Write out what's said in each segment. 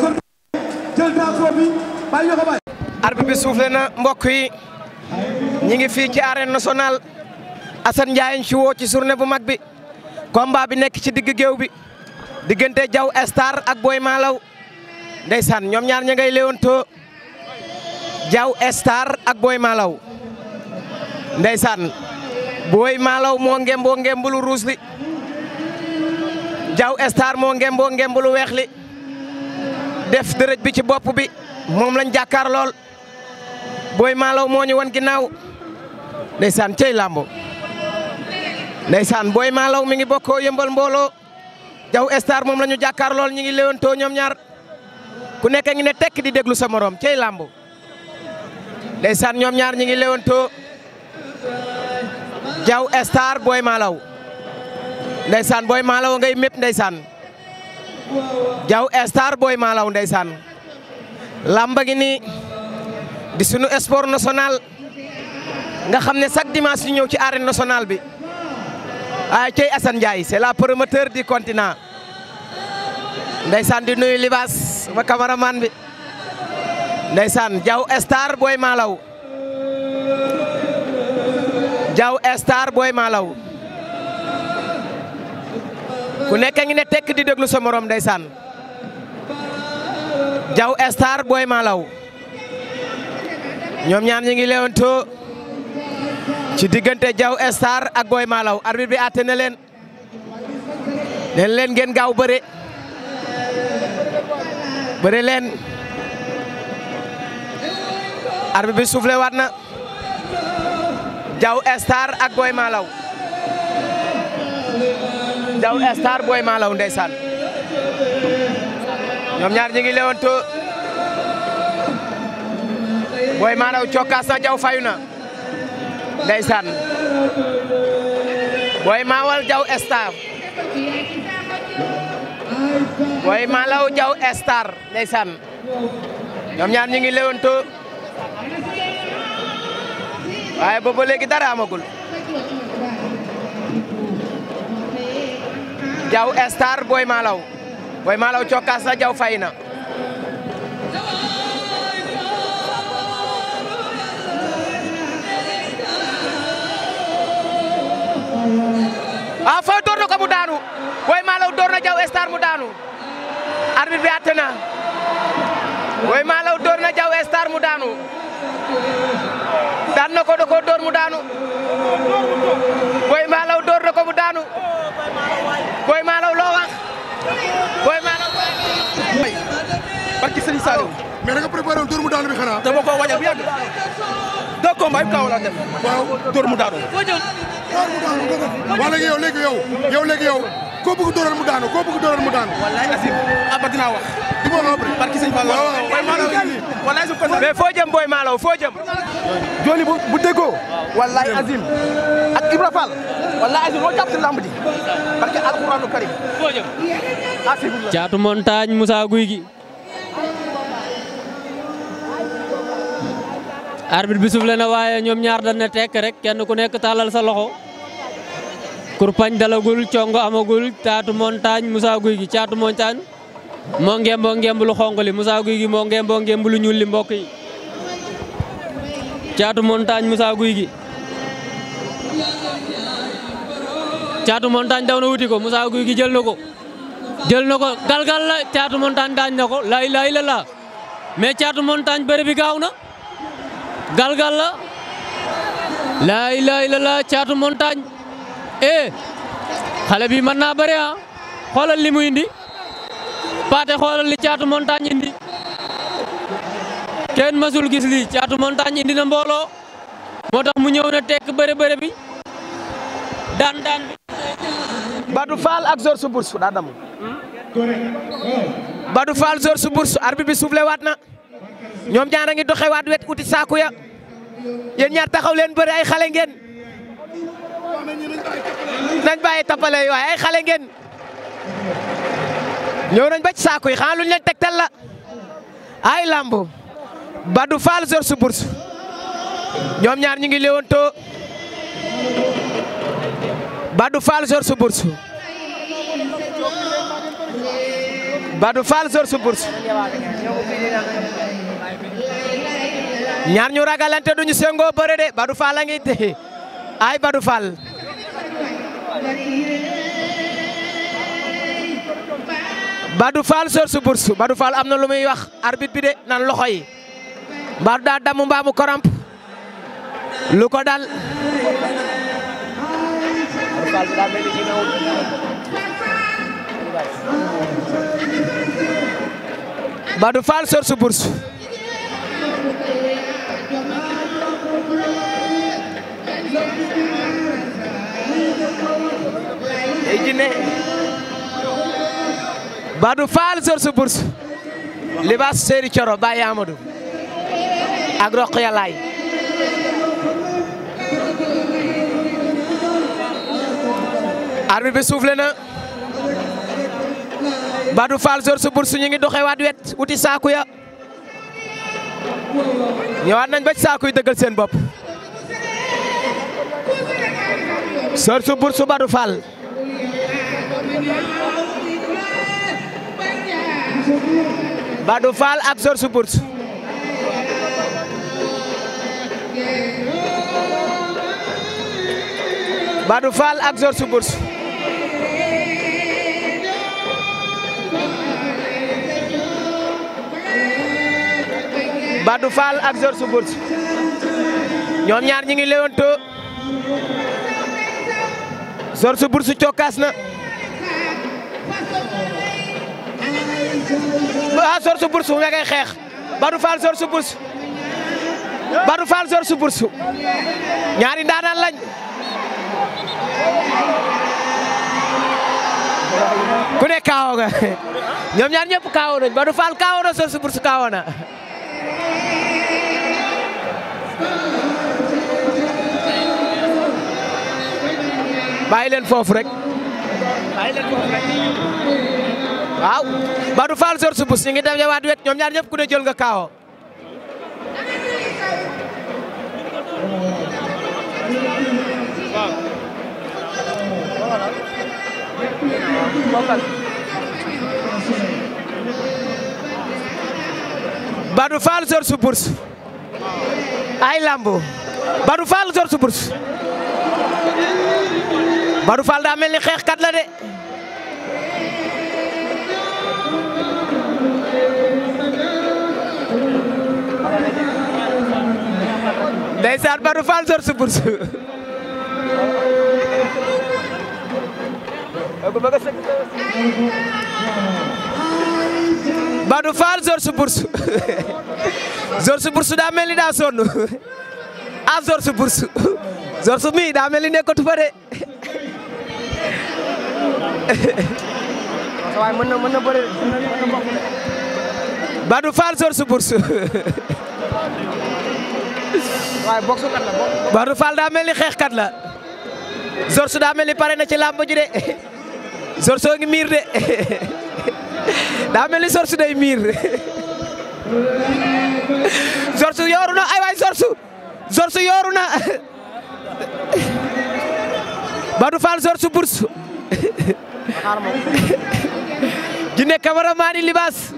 kon jël bi bàyyi na mbokk yi ñi ngi fii ci arène nationale Assane Ndiaye ci woo ci journée bu mag bi combat bi nekk ci digg géew bi diggante Diaw Star ak Boy Malaw ndeysaan ñoom ñaar ña ngay léewantoo Diaw Star ak Boy Malaw ndeysaan Boy Malaw moo ngemboo ngembulu ruus li Diaw Star moo ngembo ngembulu weex li def dërëj bi ci bopp bi moom lañ jàkkaar lool booy maalaw moo ñu wan ginnaaw ndeysaan cey làmb ndeysaan booy maalaw mi ngi bokkoo yëmbal mbooloo jaw star moom la ñu jàkkaar lool ñi ngi léwantoo ñoom ñaar ku nekk ngi ne tekk di déglu sa morom cey làmb ndeysaan ñoom ñaar ñi ngi léwantoo jaw star booy maalaw ndeysaan booy maalaw ngay mépp ndeysaan Diaw Star Boy Malaw ndeysaan lamba gi ni di sunu sport national nga xam ne chaque dimanche ñu ñëw ci arène national bi ay cey Assane Ndiaye c'est la promoteur du continent ndeysaan di nuyu Libaas ma cameraman bi ndeysaan Diaw Star Boy Malaw Diaw Star Boy Malaw ku nekk ngi ne tekk di déglu sa day ndeysaan jaw star booy malaw ñoom ñaar ñu ngi leewantoo ci diggante jaw star ak booy malaw arbitre bi àtte na leen neen leen ngeen gaaw bëre bëre leen arbitre bi soufflé waat na jaw star ak booy malaw Daw booy Boy Malaw ndeysaan ñoom ñaar ñi ngi lewanto Boy Malaw cokkaas na Jaw fayu na ndeysaan Boy Mawal Jaw Star Boy Malaw Jaw Star ndeysaan ñoom ñaar ñi ngi lewanto waaye boobu léegi dara amagul Jaw Star Boy Malaw Boy Malaw cokkaas Jaw fay na a fooy mu daanu Boy Malaw door na Jaw Star mu daanu arbitre bi àtte na Boy Malaw na Jaw Star mu daanu daan na ko da ko mu daanu Boy Malaw door na ko mu daanu Boy Malaw loo wax Boy Malaw. barki Serigne Saliou. mais da nga préparé woon tur daal bi xanaa. dama koo waajal bu yàgg. deux combats yëpp kaw la def. waaw dóor mu daanu. foo jëm mu daanu dëgg la. waaw léegi yow léegi yow yow mu daanu koo bëgg dóoral mu daanu. wallaay Asim Abba ah, wax. du ma loo bëri barki sëñ Fall. waaw waaw mais foo jëm booy Malaw foo jëm. jooni bu bu wallaay Azim ak Ibra Fall. wallaay Azim moo jàpp si lamb ji. barke caatu montagne Moussa Guy gi. arbitre bi soufflé na waaye ñoom ñaar dañ ne tekk rek kenn ku nekk tàllal sa loxo kurpañ dalagul congo amagul caatu montagne Moussa Guy gi caatu montagne moo ngemboo ngemb lu xonq li Moussa Guy gi moo ngemboo ngemb lu ñuul li mbokk yi caatu montagne Moussa Guy gi caatu montagne daw na wuti ko Moussa Guy gi jël na ko jël na ko galgal la caatu montagne daañ na ko lay lay la la mais caatu montagne bëre gaaw na galgal la laa ilaaha illallaah caatu montagne eh xale bi mën naa bëre ah. xoolal li mu indi paate xoolal li caatu montagne indi kenn masul gis lii caatu montagne indi na mbooloo moo tax mu ñëw na tekk bëre bëre bi daan daan bi. Badou ak Zor Soubourse daa damm. Hmm? Badou Fall Zor Soubourse bi soufflé waat na. ñoom ñaar a ngi doxewaat wet uti saaku ya yéen ñaar taxaw leen bëri ay xale ngeen nañ bàyyi tappale yi waaye ay xale ngeen ñoom nañ ba ci saaku yi xanaa luñ leen tegtal la ay lamb Badou Fall Georges Bourse ñoom ñaar ñu ngi léewantoo Badou Fall Georges Bourse Badou Fall Georges Bourse ñaar ñu ragalante duñu sengoo bëre de Badou Fall te ay Badou Fall Badou Fall sor bursu Badou Fall am na lu muy wax arbitre bi de nan loxo yi Badou daa damu mbaamu koramp lu ko dal sor su ne jinne Badou Fall Source Bourse libaas Seydou Thioro Baye Amadou ak Rokhaya Laye arbitre bi soufflé na Badou Fall Source Bourse ñu ngi doxewaat wet uti saaku ya ñëwaat nañ ba ci saaku yi dëggal seen bopp sor su bur su badu faal ak sor su ak sor ak sor ñoom ñaar ñi ngi lewanto George Bourse cokkaas na ah George Bourse mu ngay xeex Badou Fall George Bourse Badou Fall George Bourse ñaari ndaanaan lañ ku ne kaawo nga ñoom ñaar ñëpp kaawo nañ Badou Fall kaawo na George Bourse kaawo na bàyyi leen foofu rek bàyyi leen foofu rek waaw Badou Fall George Bush ñu ngi dem ja waat wet ñoom ñaar ñëpp ku ne jël nga kaawo Badou Fall George Bush ay lambo Badou Fall George Bush Badou Fall daa mel ni xeexkat la de ndeysaan Badou Fall sor subur su Badou Fall sor subur su sor subur su daa mel ni daa sonn a sor subur su sor su mi daa mel ni nekkatu fa de waaye mën na mën na bëri Badou Fall sor kat la Badou Fall daa mel ni xeexkat la daa mel ni pare na ci làmb ji de Zorso ngi miir de daa mel ni Zorso day miir Zorso yooru na ay waay Zorso Zorso yooru na Badou Fall Zorso bursu Djiné Camara Mady Libaas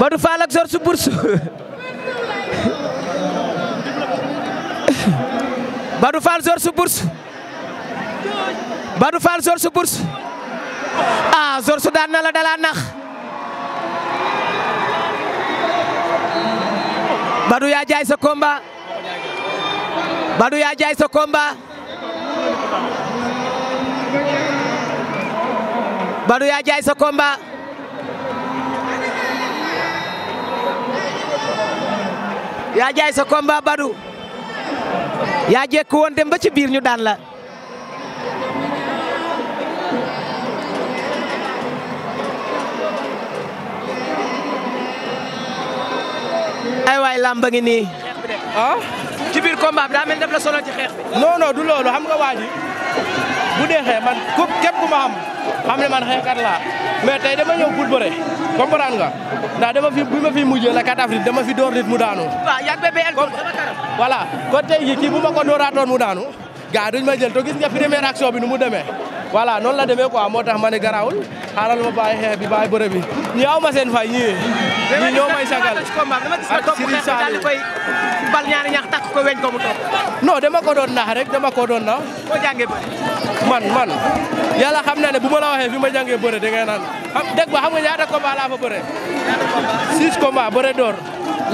Badou Fall ak Georges Bourse Badou Fall Georges Bourse Badou ah, daan na la nax Badou yaa jaay sa combat Badou yaa jaay Badou yaa jaay sa combat. yaa jaay sa combat Badou. yaa jekk woon dem ba ci biir ñu daan la. ay waay làmb ngi nii. ah. ci biir combat bi daa mel daf la sonal ci xeex bi. du loolu xam nga waa bu dee xeex man képp ku ma xam ne man xeexkat laa mais tey dama ñëw pour bëre comprendre nga ndax dama fi bi ma fi mujjee la 4 avril dama fi door nit mu daanu. waaw yàgg bébé el voilà kon tey jii kii bu ma ko dooraatoon mu daanu gars duñ ma jël to nga première action bi nu mu demee voilà noonu la demee ko moo tax ma ne garaawul xaaral ma bàyyi xeex bi bàyyi bëre bi ñi aw ma seen fay ñii ñi ñoo may sagal ak Serigne Saliou bal ñaari ñax takk ko weñ ko mu toog non dama ko doon nax rek dama ko ko jàngee man man yàlla xam na ne ma la waxee fi ma jàngee bëre da ngay naan xam deg ba xam nga ñaata combat laa fa bëre. six combat bëre door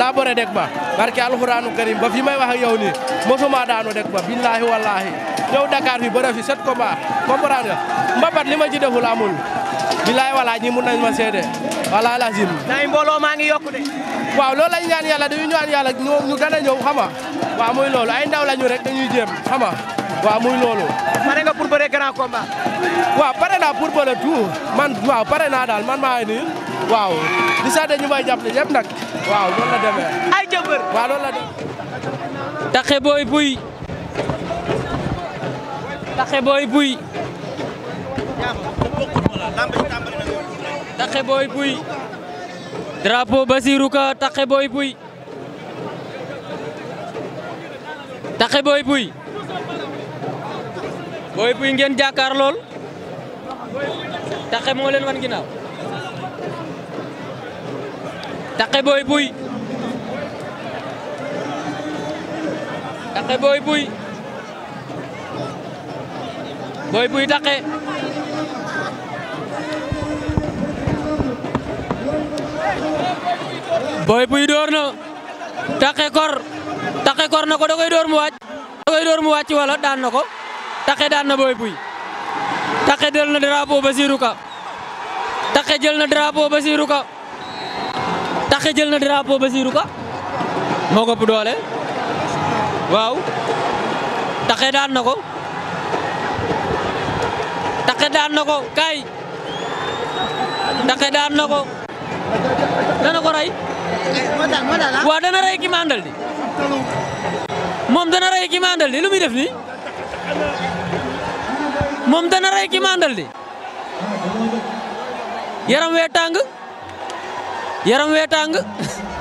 laa bëre deg ba barke alxuraanu karim ba fi may wax ak yow nii mosuma daanu deg ba billahi wallahi yow Dakar fi bëre fi sept combat comprendre nga mbapat li ma ci deful amul billahi wallahi ñi mun nañ ma seede wala lazim nay mbooloo maa ngi yokku de waaw loolu lañ ñaan yàlla dañu ñu gën a ñëw xama muy loolu ay ndaw lañu rek dañuy jéem xama waaw muy loolu. pare nga pour bëre grand combat. waaw pare naa pour bëre tout man waaw pare naa daal man maa ngi nii waaw di sant ñu may jàppale la demee. ay jëmbër loolu la demee. Taxe Boy Pouye Taxe Boy Pouye Taxe Boy Pouye drapeau Basirou Ka Taxe Boy Pouye Taxe Boy Pouye ngeen jàkkaar lool Takké moo leen wan ginnaaw Takké Boy Pouye Takké Boy Pouye Boy Pouye Takké Boy Pouye door na Takké kor Takké kor na ko da door mu wàcc da koy door mu wàcc wala daan na ko Taxe daan na Boy Pouye Taxe jël na drapeau Basirou Ka Taxe jël na drapeau Basirou Ka Taxe jël na drapeau Basirou Ka moo ko doole waaw Taxe daan na ko Taxe daan na ko kaay Taxe daan ko dana ko rey waaw dana rey ki ma àndal di moom dana rey ki di lu muy def nii moom dana rey ki mandal di yaram wee yaram wee tàng